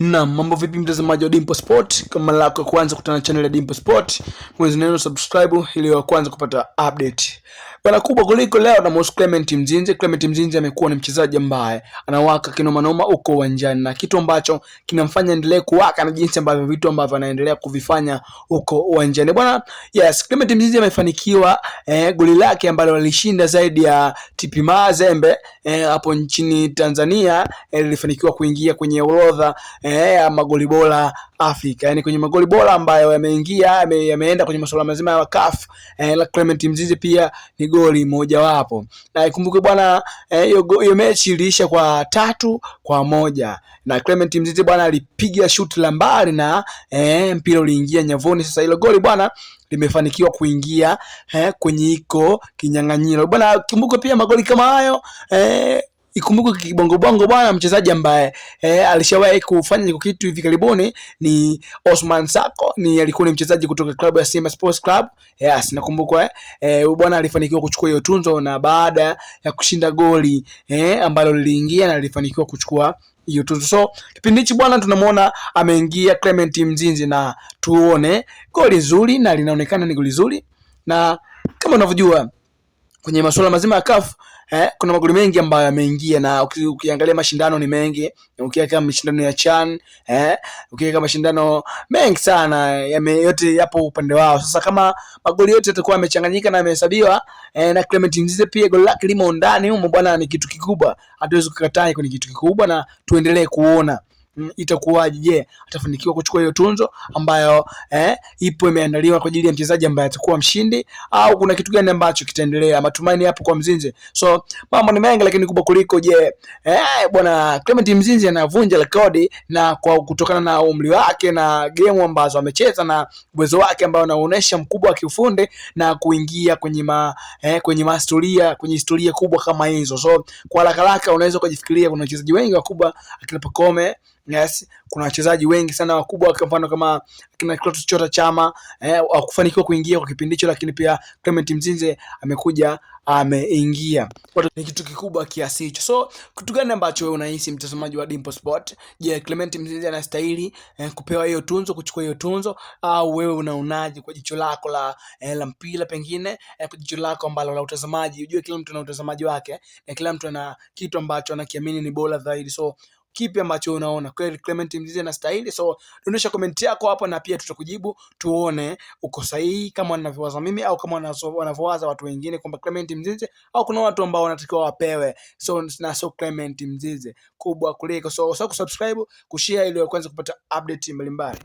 Na mambo vipi mtazamaji wa Dimpo Sport? Kama lako kwanza kutana channel ya Dimpo Sport, mwezi neno subscribe ili wa kwanza kupata update. Bana kubwa kuliko leo na Moses Clement Mzinze. Clement Mzinze amekuwa ni mchezaji ambaye anawaka kinoma noma huko uwanjani na kitu ambacho kinamfanya endelee kuwaka na jinsi ambavyo vitu ambavyo anaendelea kuvifanya huko uwanjani. Bwana, yes, Clement Mzinze amefanikiwa eh, goli lake ambalo alishinda zaidi ya TP Mazembe eh, hapo eh, nchini Tanzania eh, lilifanikiwa eh, kuingia kwenye orodha eh, ya magoli bora Afrika. Yaani kwenye magoli bora ambayo yameingia yameenda kwenye masuala mazima ya CAF. Eh, la Clement Mzinze pia ni goli wapo. na ikumbuke bwana eh, hiyo eh, mechi iliisha kwa tatu kwa moja na Clement Mzize bwana alipiga shuti la mbali na eh, mpira uliingia nyavuni. Sasa hilo goli bwana limefanikiwa kuingia eh, kwenye iko kinyang'anyiro bwana. Kumbuke pia magoli kama hayo eh, Ikumbukwe bongo bwana, mchezaji ambaye eh, alishawahi kufanya iko kitu hivi karibuni ni Osman Sako, ni alikuwa ni mchezaji kutoka klabu ya Simba Sports Club. Yes, nakumbukwa eh, eh, bwana alifanikiwa kuchukua hiyo tunzo na baada ya kushinda goli eh, ambalo liliingia na alifanikiwa kuchukua hiyo tunzo. So kipindi hichi bwana tunamwona ameingia Clement Mzinzi na tuone goli zuri, na linaonekana ni goli zuri, na kama unavyojua kwenye masuala mazima ya kafu eh, kuna magoli mengi ambayo yameingia, na ukiangalia mashindano ni mengi, ukiweka mashindano ya CHAN eh, ukiweka mashindano mengi sana yame, yote yapo upande wao. Sasa kama magoli yote yatakuwa yamechanganyika na yamehesabiwa eh, na Clement Mzize pia goli lake limo ndani humo, bwana, ni kitu kikubwa, hatuwezi kukataa, ni kitu kikubwa, na tuendelee kuona itakuwaje? Je, atafanikiwa kuchukua hiyo tunzo ambayo eh, ipo imeandaliwa kwa ajili ya mchezaji ambaye atakuwa mshindi, au kuna kitu gani ambacho kitaendelea? Matumaini hapo kwa Mzinze. So mambo ni mengi, lakini kubwa kuliko je, eh, bwana Clement Mzinze anavunja rekodi na kwa kutokana na umri wake na gemu ambazo amecheza na uwezo wake ambao anaonyesha mkubwa wa kiufundi na kuingia kwenye ma, eh, kwenye historia kwenye historia kubwa kama hizo. So kwa haraka haraka unaweza kujifikiria kuna wachezaji wengi wakubwa akina Pacome yes. Kuna wachezaji wengi sana wakubwa, kwa mfano kama kina Clatous Chota Chama eh, wakufanikiwa kuingia kwa kipindi hicho, lakini pia Clement Mzinze amekuja ameingia ni kitu kikubwa kiasi hicho. So kitu gani ambacho wewe unahisi mtazamaji wa Dimpo Sport? Je, Clement Mzize anastahili eh, kupewa hiyo tunzo, kuchukua hiyo tunzo, au wewe unaonaje kwa jicho lako la eh, la mpira pengine eh, kwa jicho lako ambalo la utazamaji? Unajua kila mtu ana utazamaji wake eh, kila mtu ana kitu ambacho anakiamini ni bora zaidi so kipi ambacho unaona kweli Clement Mzize anastahili? So dondosha komenti yako hapo, na pia tutakujibu tuone uko sahihi kama ninavyowaza mimi au kama wanavyowaza watu wengine kwamba Clement Mzize au kuna watu ambao wanatakiwa wapewe. So na so Clement Mzize kubwa kuliko so, so kusubscribe kushare ili uweze kupata update mbalimbali.